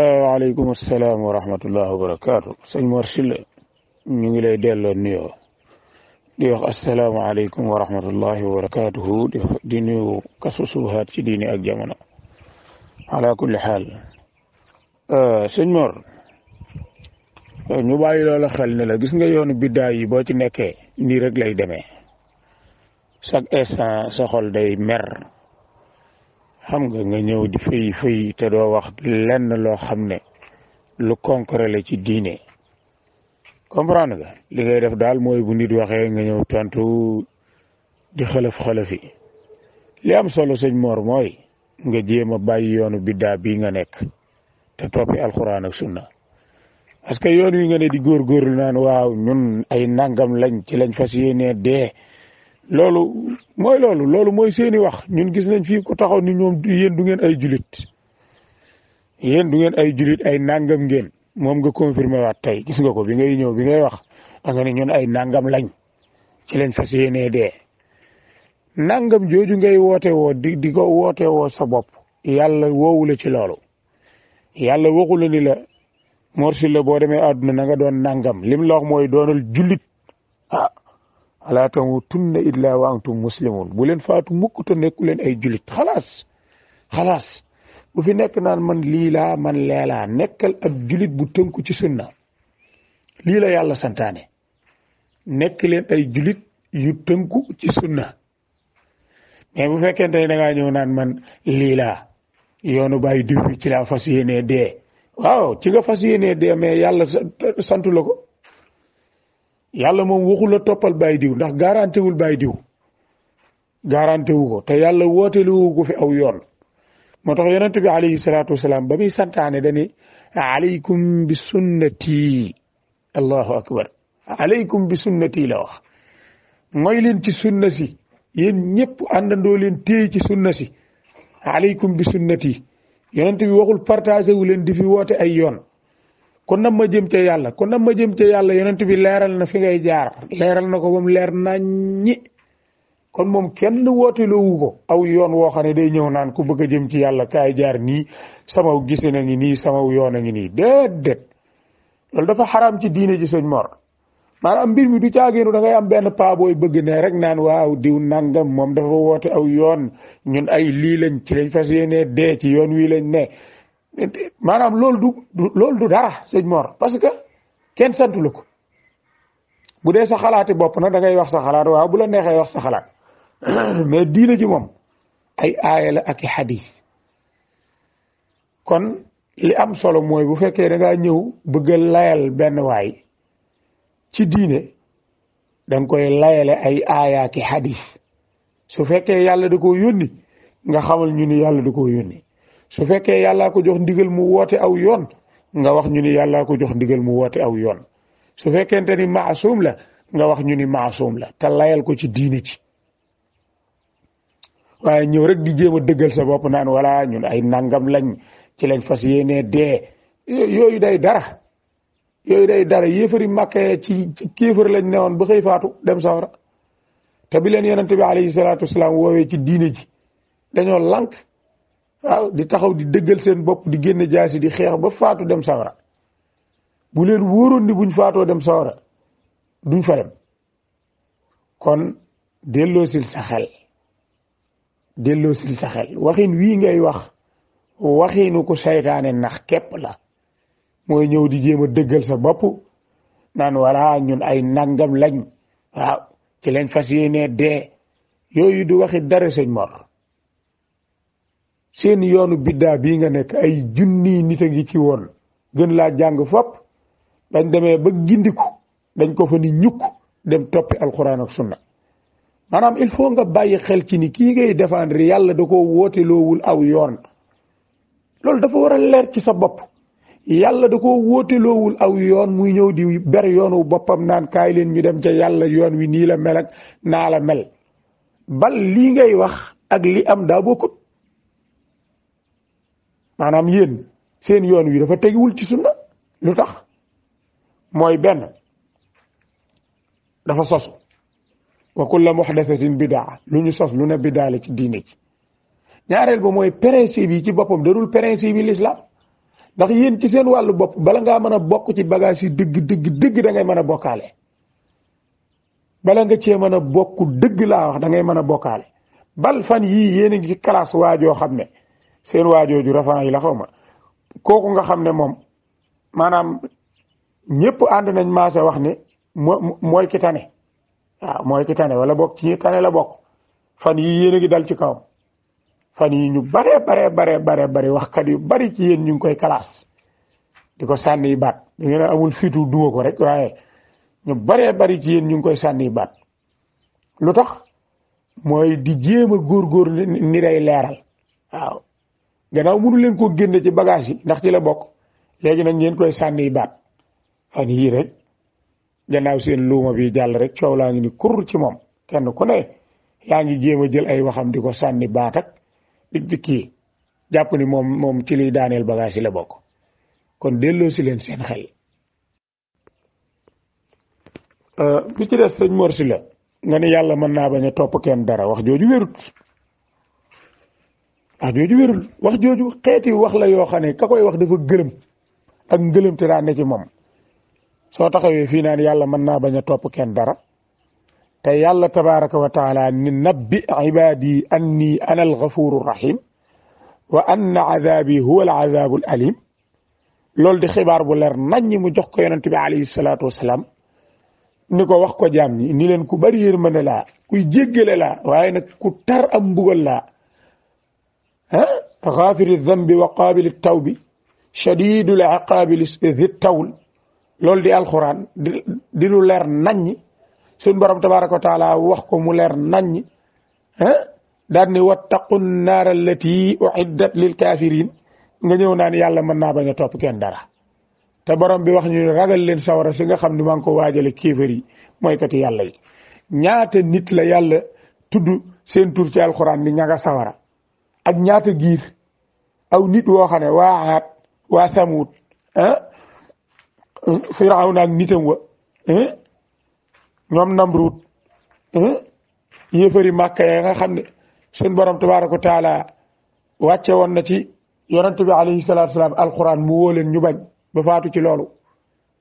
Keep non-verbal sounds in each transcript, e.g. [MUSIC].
waaleykum salaam wa rahmatullah wa barakaatu sëñ Mor ñu ngi lay delloo nuyoo di wax asalaamaaleykum wa wa barakaatuhu di nuyu kasu subahaat ci diini ak jamono ala kulli xaal euh, sëñ ñu bàyyi loola xel ne la gis nga yoonu biddaa yi boo ci nekkee nii rek lay demee chaque instant sa xol day mer xam nga nga ñëw di fay fay te doo wax lenn loo xam ne lu concret ci diine comprendre nga li ngay def daal mooy bu nit waxee nga ñëw tontu di xalaf xalafi li am solo sëñ Mor mooy nga jéem a bàyyi yoonu biddaa bi nga nekk te toppi alxuraan ak sunna parce que yoon wi nga ne di góorgóorlu naan waaw ñun ay nangam lañ ci lañ fas yéenee dee loolu mooy loolu loolu mooy seeni wax ñun gis nañ fii ko taxaw ni ñoom yéen du ngeen ay julit yéen du ngeen ay julit ay nangam ngeen moom nga confirmé waat tey gis nga ko bi ngay ñëw bi ngay wax da nga ne ñun ay nangam lañ ci lañ fas yéenee dee nangam jooju ngay woote woo di ko woote woo sa bopp yàlla woowu la ci loolu yàlla waxu la ni la Mor Sylla boo demee àdduna na nga doon nangam lim la wax mooy doonal julit ah. alaa tamuutunna illaa la antum muslimun bu leen faatu mukk te nekku ay julit xalaas xalaas bu fi nekk naan man lii laa man leelaa nekkal ak julit bu tënku ci sunna lii la yàlla santaane leen ay julit tënku ci sunna bu fekkente ne da ngaa ñëw naan man lii laa yoonu bàyyi diw bi ci laa fas yéenee dee waaw ci nga fas yéenee dee mais yàlla santu la ko yàlla moom waxul toppal bàyyi diw ndax garanti wul bàyyi diw garanti wu ko te yàlla wooteelu wu ko fi aw yoon moo tax yonent bi alayhi salaatu wasalaam ba muy santaane dani alaykum bi sunnati allahu akbar alaykum bi sunnati la wax mooy leen ci sunna si yéen ñëpp àndandoo leen téey ci sunna si alaykum bi sunnati yonent bi waxul partagé wu leen di fi woote ay yoon kon nag ma jëm ca yàlla kon nag ma jëm ca yàlla yonent bi leeral na fi ngay jaar leeral na ko moom mu leer naññi kon moom kenn wootelowu ko aw yoon woo xam ne day ñëw naan ku bëgg a jëm ci yàlla kaay jaar nii sama gise ngi nii sama yoon a ngi nii déedéet loolu dafa xaram ci diine ji sëñ Mor maanaam mbir mi du caageenu da am benn paabooy bëgg ne rek naan waaw diw nangam moom dafa woote aw yoon ñun ay lii lañ ci lañ fas yéenee dee ci yoon wii lañ ne manam lol du lol du dara seigne Mor parce que ken santu la ko sa xalaati bop na da ngay wax sa xalaat waaw bu la nexé wax sa xalaat [CLEARS THROAT] mais diina ji mom ay aya la ak hadith kon li am solo moy bu fekkee da nga ñew bëgg a ben way ci diine dang koy layale ay aya ak hadith su fekkee yalla da ko yoni nga xamal ñu ni yalla da ko yoni su fekkee yàllaa ko jox ndigal mu woote aw yoon nga wax ñu ni yàllaa ko jox ndigal mu woote aw yoon su fekkente ni maasum la nga wax ñu ni maasum la te layal ko ci diine ci waaye ñëw rek di jéem dëggal sa bopp naan wala ñun ay nangam lañ ci lañ fas yéenee dee yooyu day dara yooyu day dara yéefari màkkee ci ci kéefar lañ newoon ba xëy faatu dem sawara te bi leen yonente bi alayhi salaatu wasalaam woowee ci diine ji dañoo lank waaw di taxaw di dëggal seen bopp di génne jaasi di xeex ba faatu dem sawara bu leen wóoroon ni buñ faatoo dem sawara duñ fa dem kon delloosil sa xel delloosil sa xel wii ngay wax waxinu ko seytaane nax képp la mooy ñëw di jéem a dëggal sa bopp naan wala ñun ay nangam lañ waaw ci lañ fas yéenee dee yooyu di waxit dara sëñ Mor seen yoonu biddaa bii nga nekk ay junniy nit a ngi ci woon gën laa jàng fopp dañ demee ba gindiku dañ ko fa ni ñukk dem toppi alxuraan ak sunna maanaam il faut nga bàyyi xel ci ni kii ngay défendre yàlla da koo woote loowul aw yoon loolu dafa war a leer ci sa bopp yàlla da koo woote aw yoon muy ñëw di ber yoonu boppam naan kaay leen ñu dem ca yàlla yoon wi nii la mel naa la mel bal lii ngay wax ak li am daa bokkut maanaam yéen seen yoon wi dafa tegiwul ci sunna lu tax mooy benn dafa sosu wa kulla muhdathatin bidaa lu ñu sos lu ne bidaa la ci diine ci ñaareel ba mooy principe yi ci boppam darul principe yi l'islam ndax yéen ci seen wàllu bopp bala ngaa mën a bokk ci bagaas yi dëgg dëgg dëgg dangay mën a bokkaale bala nga cee mën a bokk dëgg laa wax da ngay mën a bokkaale bal fan yii yéen a ngi ci classe waajoo xam ne seen waajooju rafan yi la xaw ma kooku nga xam ne moom maanaam ñëpp ànd nañ maase wax ni mo mooy ki tane waaw mooy ki tane wala bokk ci ñi la bokk fan yi yéen a dal ci kawam fan yi ñu bare bare bare bare yu bari ci ñu ngi koy kalaas di ko sànni baat da ngeen amul fitu duwa ko rek waaye ñu baree bari ci yéen ñu ngi koy sànni baat lu tax mooy di jéem góor góorgóor ni rey leeral waaw gannaaw mënu leen koo génne ci bagage yi ndax ci la bokk léegi nañ leen koy sànni baat fan yii rek gannaaw seen luuma bi jàll rek coow laa ngi ni kur ci moom kenn ku ne yaa ngi jéem a jël ay waxam di ko sànni baat ak jàpp ni moom moom ci liy daaneel bagage yi la bokk kon delloo si leen seen xel. Euh, bi ci des sëñ Mor la nga ni yàlla mën naa bañ a topp kenn dara wax jooju wérut. wax jooju wérul wax jooju xeeti wax la yoo xam ne ka koy wax dafa gëlëm ak ngëlëm te daa ne ci moom soo taxawee fii naan yàlla mën naa bañ a topp kenn dara te yàlla tabaraka wa taala ni nabbi ibadi anni ana alghafuru rahim wa anna azabi huwa alazabu alalim loolu di xibaar bu leer naññi mu jox ko yonent bi alayhi salaatu wasalaam ni ko wax ko jaam ñi ni leen ku bari yërmande laa kuy jéggale laa waaye nag ku tar am mbugal laa ah xaafiri dambi wa qaabili taw bi shadidul aqaabi li tawul loolu di alxuraan di di lu leer naññi suñ borom tabaraka wa taala wax ko mu leer naññi ah daal ni wattaqu naara allati uiddat lil kaafiriin nga ñëw naan yàlla mën naa bañ a topp kenn dara te borom bi wax ñu ragal leen sawara si nga xam ni maa ngi ko waajale kéefar yi mooy kati yàlla yi ñaata nit la yàlla tudd seen tur ci alxuraan ni ñaga nga sawara ak ñaata giir aw nit woo xam ne waa aat waa samuut ah firawna ak nitam wa eh, ñoom namruut eh, yéefari màkka ya nga xam ne seen borom tabaaraka wa taala wàcce woon na ci yonent bi alayhi salaatu salaam alquran mu woo ñu bañ ba faatu ci loolu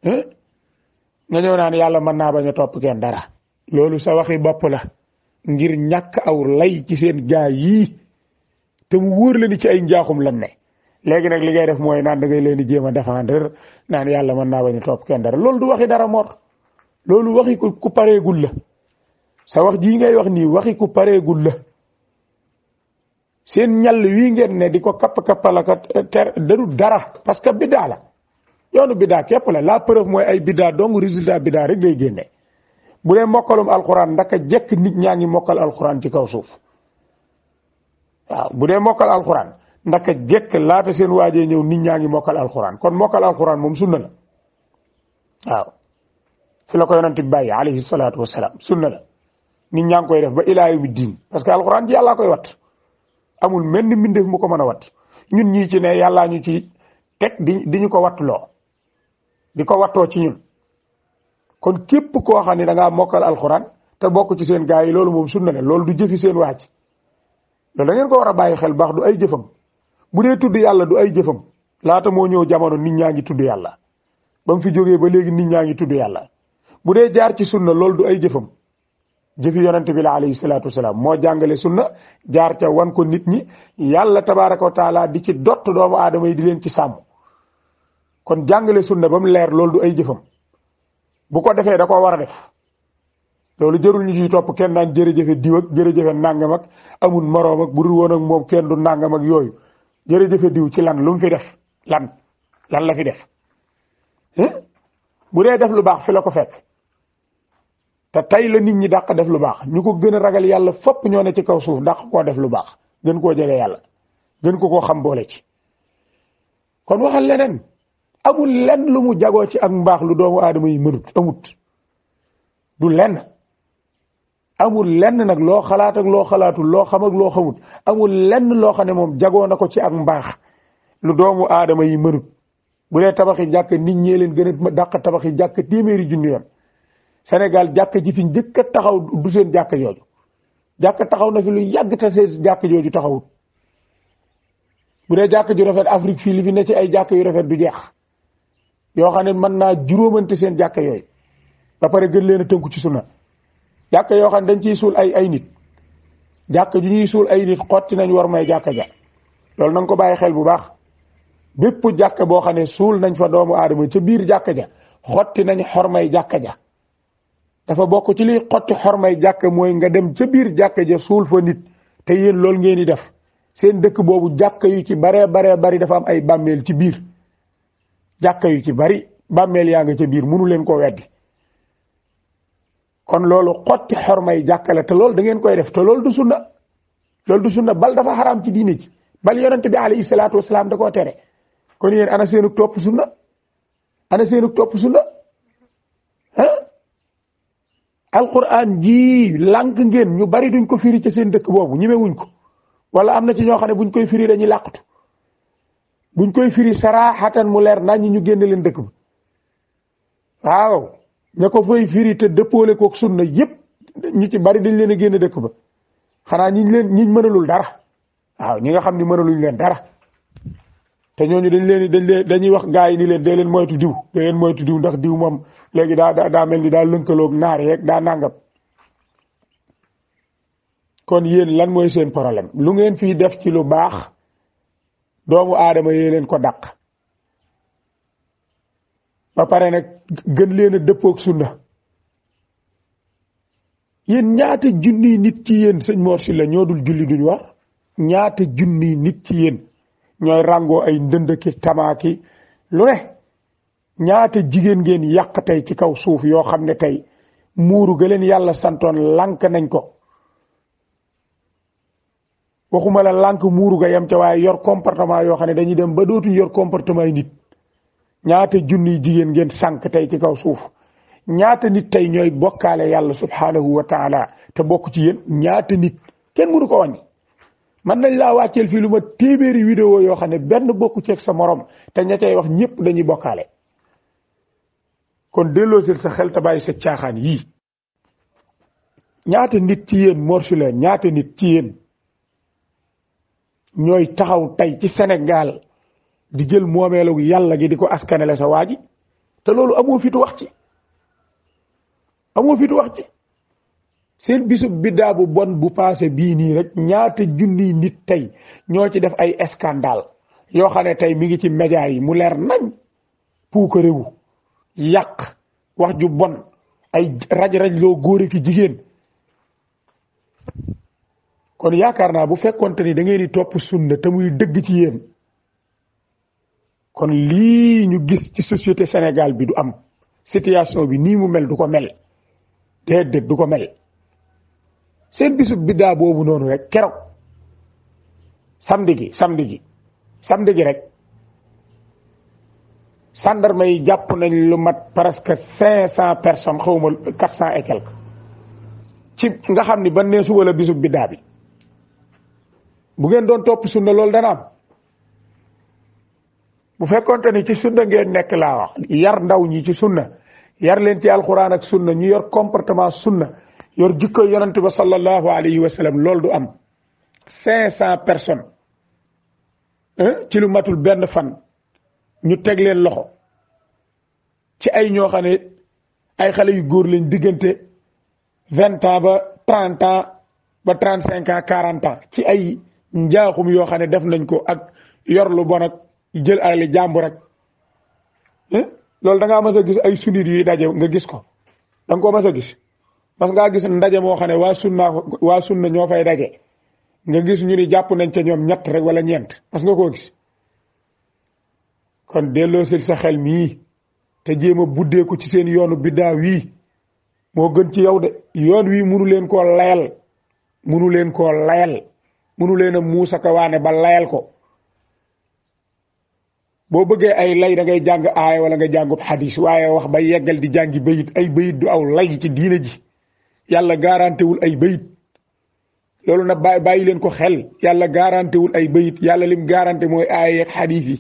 eh, nga ñëw naan yàlla mën naa bañ a topp kenn dara loolu sa waxi bopp la ngir ñàkk aw lay ci seen gaa yii te mu wóor la ni ci ay njaaxum lan ne léegi nag li ngay def mooy naan dangay ngay leen di jéem a défendre naan yàlla mën naa bañ a topp kenn dara loolu du waxi dara mor loolu waxi ku ku pareegul la sa wax jii ngay wax nii waxi ku pareegul la seen ñàll wii ngeen ne di ko kapp kappala ka ter darul dara parce que biddaa la yoonu biddaa képp la la preuve mooy ay biddaa donc résultat biddaa rek day génne bu dee mokkalum alxuraan ndaka jekk nit ñaa ngi mokkal alxuraan ci kaw suuf. waaw bu dee mokkal alxuraan ndaka jekk laata seen waajee ñëw nit ñaa ngi mokkal alxuraan kon mokkal alxuraan moom sunna la waaw fi la ko yonent nit ñaa ngi koy def ba ilaa yawmi diin parce que alxuraan ji koy wat amul mel ni mbindeef mu ko mën a wat ñun ñii ci ne ñu ci teg di di ko wattuloo ko wattoo ci ñun kon képp koo xam ne da ngaa mokkal alxuraan te bokk ci seen gaa yi loolu moom sunna la loolu du jëfi seen waaj loolu da ko war a bàyyi xel baax du ay jëfam bu dee tudd yàlla du ay jëfam laata moo ñëw jamono nit ñaa ngi tudd yàlla ba mu fi jógee ba léegi nit ñaa ngi tudd yàlla bu dee jaar ci sunna loolu du ay jëfam jëfi yonente bi la alayhi salaatu wasalaam moo jàngale sunna jaar ca wan ko nit ñi yàlla tabaaraka wa taala di ci dott doomu aadama yi di leen ci sàmm kon jàngale sunna ba mu leer loolu du ay jëfam bu ko defee da ko war a def loolu jeerul ñu ci top kenn jeere jeefe diiw ak jeefe nangam ak amul moroom ak bu won ak mom kenn du nangam ak jeere jeefe diiw ci lan lu mu fi def lan lan la fi def bu re def lu bax fi la ko fek ta tay la nit ñi dàq def lu bax ñuko gëna ragal yalla fop ñoo ne ci kaw suuf dàq ko def lu bax gën ko jégué yalla gën ko ko xam boole ci kon waxal leneen amul lenn lu mu jago ci ak mbax lu doomu adamay mënut amut du lenn amul lenn nag loo xalaat ak loo xalaatul loo xam ak loo xamut amul lenn loo xam ne moom jagoo na ko ci ak mbaax lu doomu aadama yi mënut bu dee tabaxi jàkk nit ñee leen gën a dàq tabaxi jàkk téeméeri junni yoon Sénégal jàkk ji fi njëkk a taxaw du seen jàkk jooju jàkk taxaw na fi lu yàgg te seen jàkk jooju taxawut bu dee jàkk ju rafet Afrique fii li fi ne ci ay jàkk yu rafet du jeex yoo xam ne mën naa juróomante seen jàkk yooyu ba pare gën leen a tënku ci sunna jàkk yoo xam ne dañ ciy suul ay ay nit jàkk ju ñuy suul ay nit xotti nañ war may jàkk ja loolu na ko bàyyi xel bu baax bépp jàkk boo xam ne suul nañ fa doomu aadama ca biir jàkk ja xotti nañ xormay jàkk ja dafa bokk ci liy xotti xormay jàkk mooy nga dem ca biir jàkk ja suul fa nit te yéen loolu ngeen di def seen dëkk boobu jàkk yu ci baree baree bari dafa am ay bàmmeel ci biir jàkk yu ci bari bàmmeel yaa ngi ca biir mënu leen koo weddi kon loolu xotti xormay jàkkale te loolu dangeen koy def te loolu du sunna loolu du na bal dafa xaraam ci diini ji bal yonente bi alayhi salaatu wasalaam da koo tere kon yéen ana seenu topp sunna ana seenu topp sunna ah alquran jii lànk ngeen ñu bari duñ ko firi ci seen dëkk boobu ñemewuñ ko wala am na ci ñoo xam ne buñ koy firi dañuy làqatu buñ koy firi saraaxatan mu leer nañ ñu génn leen dëkk bi waaw ña ko fay firi te dëppoole kook sunna yépp ñi ci bari dañ leen a génn dëkk ba xanaa ñiñ leen ñiñ mënalul dara waaw ñi nga xam ni mënaluñ leen dara te ñooñu dañ leen dañ leen dañuy wax gars yi ni leen dee leen moytu diw dee leen moytu diw ndax diw moom léegi daa daa daa mel ni daa lënkaloog naar yeeg daa nàngam kon yéen lan mooy seen problème lu ngeen fii def ci lu baax doomu aadama yee leen ko dàq ba pare nag gën leen a sunna yéen ñaata junniy nit ci yéen sëñ Mor Sylla ñoo dul julli duñu wa ñaata junniy nit ci yéen ñooy ràngoo ay ndënd ki tamaaki lu ne ñaata jigéen ngeen yàq tey ci kaw suuf yoo xam ne tey muuru ga leen yàlla santoon lànk nañ ko waxuma la lànk muuru ga yam ca waaye yor comportement yoo xam ne dañuy dem ba dootuñ yor comportement yi nit ñaata junniy jigéen ngeen sànq tey ci kaw suuf ñaata nit tey ñooy bokkaale yàlla subhanahu wa taala te bokku ci yéen ñaata nit kenn mënu ko wàññi man nañ laa wàcceel fii lu ma téeméeri vidéo yoo xam ne benn bokku ceeg sa moroom te ña cay wax ñëpp dañuy bokkaale kon delloosil sa xel te bàyyi sa caaxaan yii ñaata nit ci yéen morsule ñaata nit ci yéen ñooy taxaw tey ci Sénégal di jël momelu yalla gi di ko askanele sa waji ji te loolu amoo fitu wax ci fitu wax ci seen bisub bidda bu bon bu passé bi ni rek ñaata jundi nit tay ñoo ci def ay scandale yo xane tay mi ngi ci media yi mu leer nañ puuka réwu yàq wax ju bon ay raj-raj lo ki jigen kon yaakaar bu fekkonte ni da ngay ni top sunna te muy deug ci yeen kon lii ñu gis ci société Sénégal bi du am situation bi nii mu mel du ko mel déedéet du ko mel seen bisub biddaa boobu noonu rek keroog samedi gi samedi gi samedi gi rek sandarma yi jàpp nañ lu mat presque cinq cent personnes xawma quatre cent et quelque ci nga xam ni ba nee suba la biddaa bi bu ngeen doon topp sunna loolu dana bu fekkonte ni ci sunna ngeen nekk laa yar ndaw ñi ci sunna yar leen ci alquran ak sunna ñu yor comportement sunna yor jikko yonante ba sallallahu alayhi wa sallam loolu du am cinq cent personnes ci lu matul benn fan ñu teg leen loxo ci ay ñoo xam ay xale yu góor lañ diggante vingt ans ba trente ans ba trente cinq ans quarante ans ci ay njaaxum yoo xam ne def nañ ko ak yor lu bon ak jël alali jàmbu rek loolu da ngaa mas a gis ay sunnit yuy daje nga gis ko da nga koo mas a gis parce ngaa gis ndaje moo xam ne waa sunna waa sunna ñoo fay daje nga gis ñu ni jàpp nañ ca ñoom ñett rek wala ñeent parce nga koo gis kon delloo sa xel mii te jéem a buddeeku ci seen yoonu biddaa wii moo gën ci yow de yoon wii munu leen koo layal munu leen koo layal munu leen a waane ba layal ko boo bëggee ay lay da ngay jàng aaya wala nga jàngub xadis waaye wax ba yeggal di jàngi bayit ay bayit du aw lay ci diine ji yàlla garantewul ay bayit loolu nag bàyyi bàyyi leen ko xel yàlla garantewul ay bayit yàlla lim garanté mooy aaya yeeg xadis yi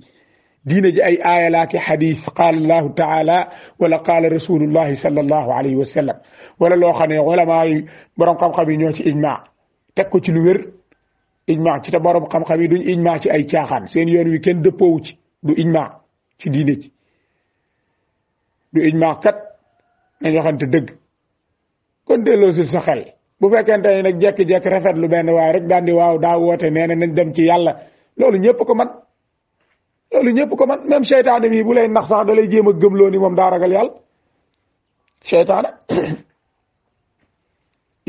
diine ji ay aaya laa ki xadis qaala allahu taala wala qaala rasulullahi sallallahu alayhi wa sallam wala loo xam ne ulama yi borom xam yi ñoo ci ijma teg ko ci lu wér ijma ci ta borom xam-xam yi duñ ijma ci ay caaxaan seen yoon wi kenn dëppoowu ci du ijma ci diine ci du ijma kat nañ xanté deug kon delloo si sa xel bu fekkante ni nak jek jek rafet lu ben way rek dandi waw waaw wote neena nañ dem ci yalla loolu ñepp ko man loolu ñepp ko man même shaytan bi bu lay nax sax da lay ni mom da ragal yalla shaytan [COUGHS]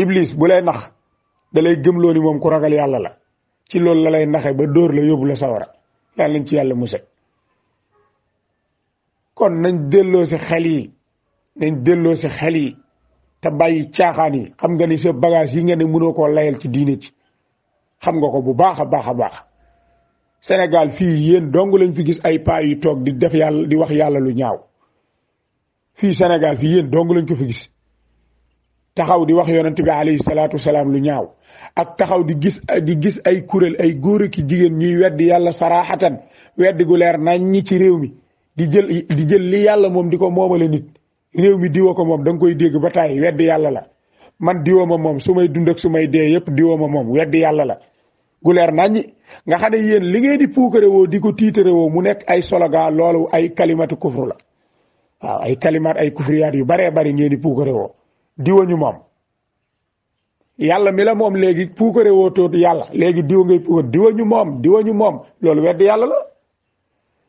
iblis bu lay nax da lay lo ni mom ku ragal yalla la ci loolu la lay naxé ba door la yobul sawara yàlla ci yalla musse kon nañ delloo si xel yi nañ delloo si xel yi te bàyyi caaxaan yi xam nga ni sa bagage yi nga ne mënoo koo layal ci diine ci xam nga ko bu baax a baax a baax Sénégal fii yéen dong lañ fi gis ay paa yu toog di def yàlla di wax yàlla lu ñaaw fii Sénégal fii yéen dong lañ ko fi gis taxaw di wax yonent bi alayhi salaatu wasalaam lu ñaaw ak taxaw di gis di gis ay kuréel ay góor jigéen ñuy weddi yàlla saraxatan weddi gu leer nañ ñi ci réew mi di jël di jël li yàlla moom di ko moomale nit réew mi diwa ko moom danga koy dégg ba tàyyi weddi yàlla la man diwa ma moom su may dund ak su may dee yëpp diwa ma moom weddi yàlla la gu leer naññ nga xam ne yéen li ngeen di puukare woo di ko tiitare woo mu nekk ay sologa loolu ay kalimatu kufru la waaw ay kalimat ay kufriyaat yu baree bari ngeen di puukare woo diwa ñu moom yàlla mi la moom léegi puukare woo toot yàlla léegi diwa ngay puukare diwa ñu moom diwa ñu moom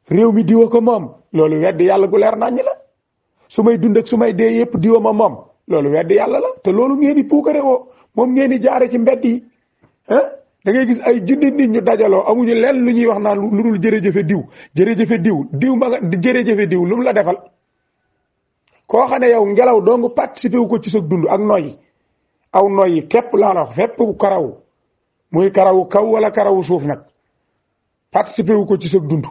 réew mi diwa ko mom lolou wedd yalla gu leer nañ la sumay dund ak sumay de yep diwa ma mom lolou wedd yalla la te lolou ngeen di poukere wo mom ngeen di jaare ci mbeddi hein da ngay gis ay jundit nit ñu dajalo amuñu lenn lu ñuy wax naan lu dul jefe diw jefe diw diw ma nga jefe diw lu mu la defal ko xane yow ngelaw dong wu ko ci sa dund ak noy aw noy kep la wax fépp karaw muy karawu kaw wala karawu suuf nak participer wu ko ci sa dund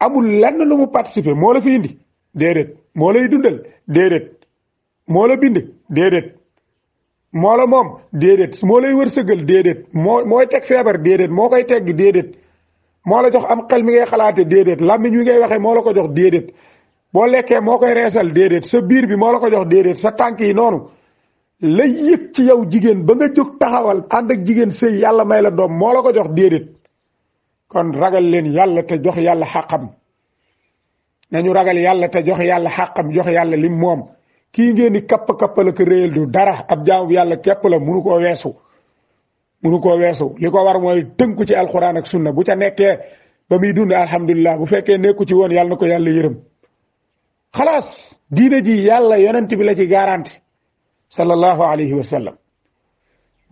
amul lenn lu mu participer moo la fi indi déedéet moo lay dundal déedéet moo la bind déedéet moo la moom déedéet moo lay wërsëgal déedéet moo mooy teg feebar déedéet moo koy tegg déedéet moo la jox am xel mi ngay xalaate déedéet làmmiñ wi ngay waxee moo la ko jox déedéet boo lekkee moo koy reesal déedéet sa biir bi moo la ko jox déedéet sa tànk yi noonu la yëg ci yow jigéen ba nga jóg taxawal ànd ak jigéen sëy yàlla may la doom moo la ko jox déedéet kon ragal leen yàlla te jox yàlla xàqam nañu ragal yàlla te jox yàlla xàqam jox yàlla lim moom kii ngeen di kapp kapp la ko réyal du dara ab jaamu yàlla képp la munu koo weesu munu koo weesu li ko war mooy tënku ci alxuraan ak sunna bu ca nekkee ba muy dund alhamdulilah bu fekkee nekku ci woon yàlla na ko yàlla yërëm xalaas diine ji yàlla yonent bi la ci garanti sallallahu alayhi wa sallam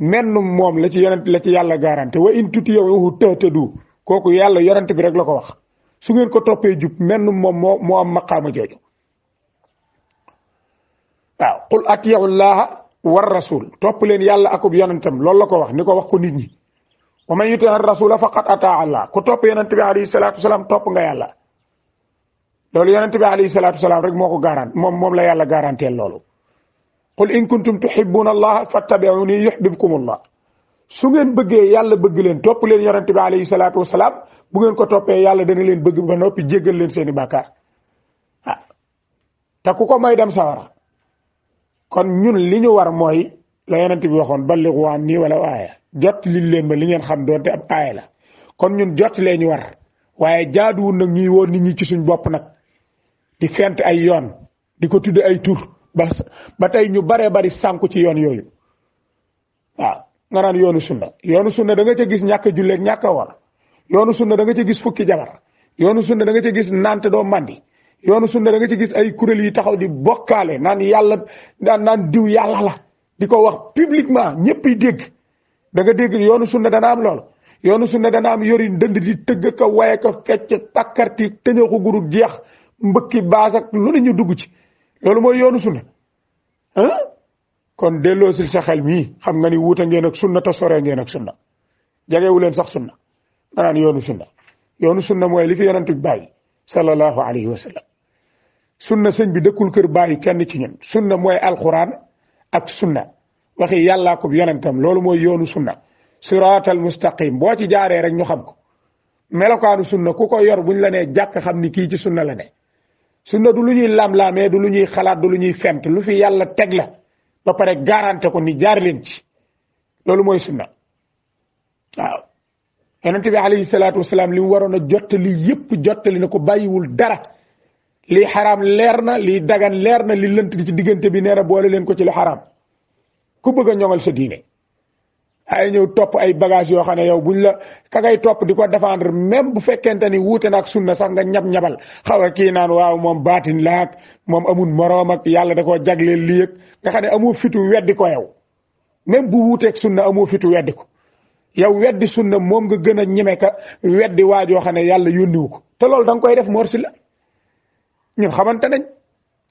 mennum moom la ci yonent la ci yàlla garanti wa in tuti yow waxu tëtëdu koku yàlla yorante bi rek lako wax su ngeen ko topé djub menn mom mo am maqama jooju wa qul atiyu llaha war rasul top len yàlla akub yonentam lol lako wax niko wax ko nit ñi wa man yuti rasul faqat ata allah ku top yonent bi alayhi salatu wasalaam top nga yàlla lol yonent bi alayhi salatu wasalaam rek moko garant mom mom la yàlla garantel lolou qul in kuntum tuhibbuna allaha fattabiuni yuhibbukum allah su ngeen bëggee yàlla bëgg leen topp leen yonente bi alayhi salaatu wasalaam bu ngeen ko toppee yàlla dana leen bëgg ba noppi jéggal leen seeni bàkkaar ah te ku ko may dem sawara kon ñun li ñu war mooy la yonente bi waxoon balligu waan nii wala aaya jot li leen ma li ngeen xam doonte ab aaya la kon ñun jot lee ñu war waaye jaaduwul nag ñuy woo nit ñi ci suñ bopp nag di fent ay yoon di ko tudde ay tur ba tey ñu baree bari sànku ci yoon yooyu nga naan yoonu sunna yoonu sunna da nga ca gis ñàkk a julleeg ñàkk a war yoonu sunna da nga ca gis fukki jabar yoonu sunna da nga ca gis nante doo mandi yoonu sunna danga nga ci gis ay kuréel yi taxaw di bokkaale naan yàlla naan naan diw yàlla la di ko wax publiquement ñëpp yi dégg da dégg yoonu sunna dana am loolu yoonu sunna dana am yori ndënd di tëgg ka waye ka fecc takkarti tëñëxu guru jeex mbëkki baas ak lu ne ñu dugg ci loolu mooy yoonu sunna kon delo sil sa xel mi xam nga ni wuta ngeen ak sunna ta sore ngeen ak sunna jagewu leen sax sunna maanaam yoonu sunna yoonu sunna moy li fi yonent bi sallallahu alayhi wa sallam sunna sëñ bi dëkkul keur bàyyi kenn ci ñun sunna moy alquran ak sunna waxi yalla ko yonentam lolu moy yoonu sunna siratal mustaqim bo ci jaaree rek ñu xam ko melokaanu sunna ku ko yor buñ la né jàkk xam ni ki ci sunna la ne sunna du luñuy lam lamé du luñuy xalaat du luñuy ñuy fent lu fi yàlla tegg la ba pare garante ko ni jaar leen ci loolu mooy sunna waaw yonente bi alayhi salaatu wasalaam li mu waroon a jottali yëpp jottali na ko bàyyiwul dara lii xaraam leer na lii dagan leer na li lënt di ci diggante bi nee na boole leen ko ci lu xaraam ku bëgg a ñoŋal sa diine ay ñëw topp ay bagage yoo xam ne yow buñ la ka ngay topp di ko défendre même bu fekkente ni wuute na ak sunna sax nga ñab ñabal xaw kii naan waaw moom baatin la moom amul moroom ak yàlla da ko jagleel lii ak nga xam ne amoo fitu weddi ko yow même bu wuuteeg sunna amoo fitu weddi ko yow weddi sunna moom nga gën a ñeme ka weddi waa joo xam ne yàlla yónniwu ko te loolu da nga koy def morsi la xamante nañ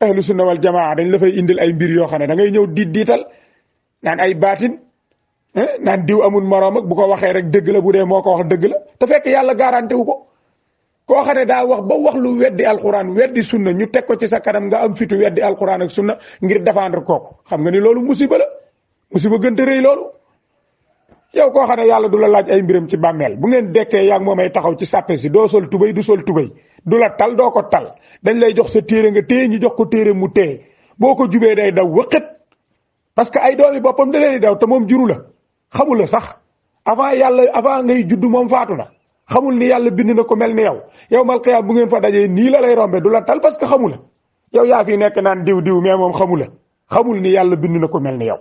ahlu sunna wal jamaa dañ la fay indil ay mbir yoo xam ne da ngay ñëw diit diital naan ay baatin Eh, naan diw amul moroom ak bu ko waxee rek dëgg la bu dee moo ko wax dëgg la te fekk yàlla garanti wu ko koo xam ne daa wax ba wax lu weddi alxuraan weddi sunna ñu teg ko ci sa kanam nga am fitu weddi alxuraan ak sunna ngir défendre kooku xam nga ni loolu musiba la musiba gën te rëy loolu. yow koo xam ne yàlla du la laaj ay mbiram ci bàmmeel bu ngeen dekkee yaa moom ay taxaw ci sàppe si doo sol tubéy du sol tubéy du la tal doo ko tal dañ lay jox sa téere nga téye ñu jox ko téere mu téye boo ko day daw wëqët parce que ay doomi boppam da daw te moom juru la xamula sax avant yàlla avant ngay judd moom faatu na xamul ni yàlla bind na ku mel ni yow yow mal xiyaam bu ngeen fa dajee nii la lay rombe du la tal parce que xamula yow yaa fi nekk naan diw diw mais moom xamula xamul ni yàlla bind na ko mel ni yow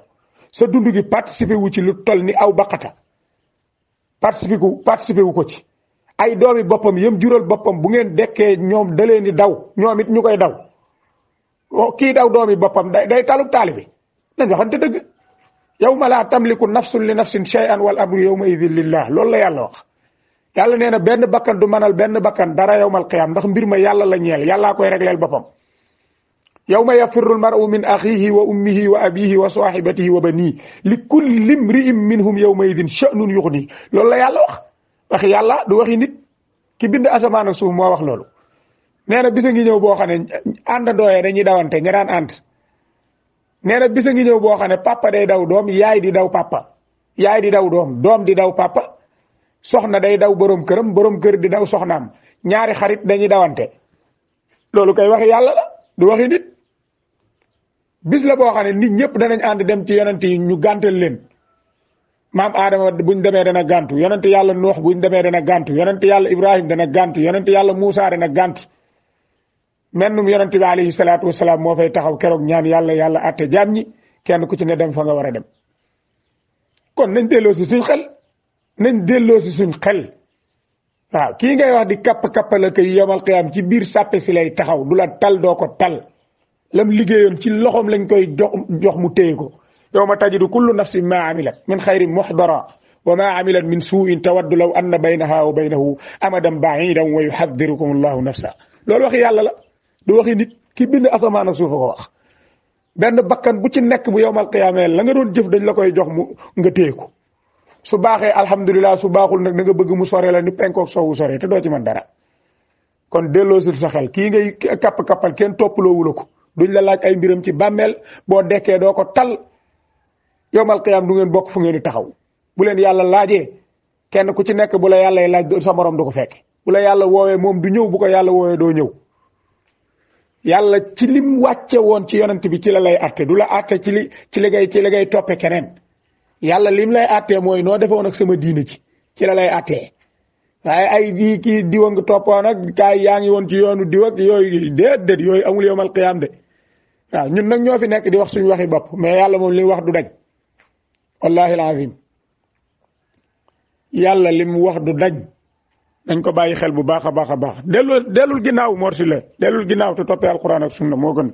sa dund gi participer wu ci lu tal ni aw baqata participer ku participer wu ko ci ay doomi boppam yëm jural boppam bu ngeen dekkee ñoom da di daw ñoom it ñu koy daw kii daw doomi boppam day day talub taalibi nañ waxante dëgg يوم لا تملك نفس لنفس شيئا والاب يومئذ لله لول لا يالا وخ يالا نينا بن بكان دو منال بن بكان دارا يوم القيامه ندخ مبير ما يالا لا نيل يالا كوي ريغليل بوبام يوم يفر المرء من اخيه وامه وابيه وصاحبته وبنيه لكل امرئ منهم يومئذ شان يغني لول لا يالا وخ واخ يالا دو وخي نيت كي بيند اسمان سو مو وخ لول نينا بيسا ني نيو بو خاني اند دويه دانيي داونتي ني ران انت nee na bis a ngi ñëw boo xam ne papa day daw doom yaay di daw papa yaay di daw doom doom di daw papa soxna day daw borom këram borom kër di daw soxnaam ñaari xarit dañuy dawante loolu kay waxi yàlla la du waxi nit bis la boo xam ne nit ñëpp danañ ànd dem ci yonent yi ñu gàntal leen maam bu ñu demee dana gàntu yonent yàlla Nuux ñu demee dana gàntu yonent yàlla Ibrahim dana gànt yonent yàlla Muusa dana gànt mennum yonente bi alayhi salaatu wasalaam moo fay taxaw keroog ñaan yàlla yàlla atte jaam ñi kenn ku ci ne dem fa nga war a dem kon nañ delloo si suñ xel nañ delloo si suñ xel waaw kii ngay wax di kapp kappala koy yomal xiyaam ci biir sàppe si lay taxaw du la tal doo ko tal lam liggéeyoon ci loxoom lañ koy jox jox mu téye ko yawma tajidu kullu nafsin ma amilat min xayrin muhdara wa ma amilat min suuin tawaddu law anna baynaha wa baynahu amadan baidan wa yuhadirukum allahu nafsa loolu wax yàlla la du waxi nit ki bind asamaan ak suuf ko wax benn bakkan bu ci nekk bu yowmal qiyaamee la nga doon jëf dañ la koy jox mu nga téye ko su baaxee alhamdulilah su baaxul nag nga bëgg mu sore la ni penkook soowu sore te doo ci man dara kon delloo sul sa xel kii ngay kapp-kappal kenn toppaloowu ko duñ la laaj ay mbiram ci bàmmeel boo dekkee doo ko tal yowmal qiyaam du ngeen bokk fu ngeen di taxaw bu leen yàlla laajee kenn ku ci nekk bu la yàlla laaj sa morom du ko fekk bu la yàlla woowee moom du ñëw bu ko yàlla woowee doo ñëw yàlla ci lim wàcce woon ci yonant bi ci la lay atte du la atte ci li ci li ngay ci ngay toppe keneen yàlla lim lay attee mooy noo defe woon ak sama diine ci ci la lay attee waaye ay kii diwa nga toppoon ak yaa ngi woon ci yoonu diwa ak yooyu déedéet yooyu amul yowmal qiyaam de waaw ñun nag ñoo fi nekk di wax suñu waxi bopp mais yàlla moom li wax du daj wallahi alazim yàlla li wax du daj dañ ko bàyyi xel bu baax a baax a baax delloo dellul ginnaaw Mor Sylla dellul ginnaaw te toppee alxuraan ak sunna moo gën.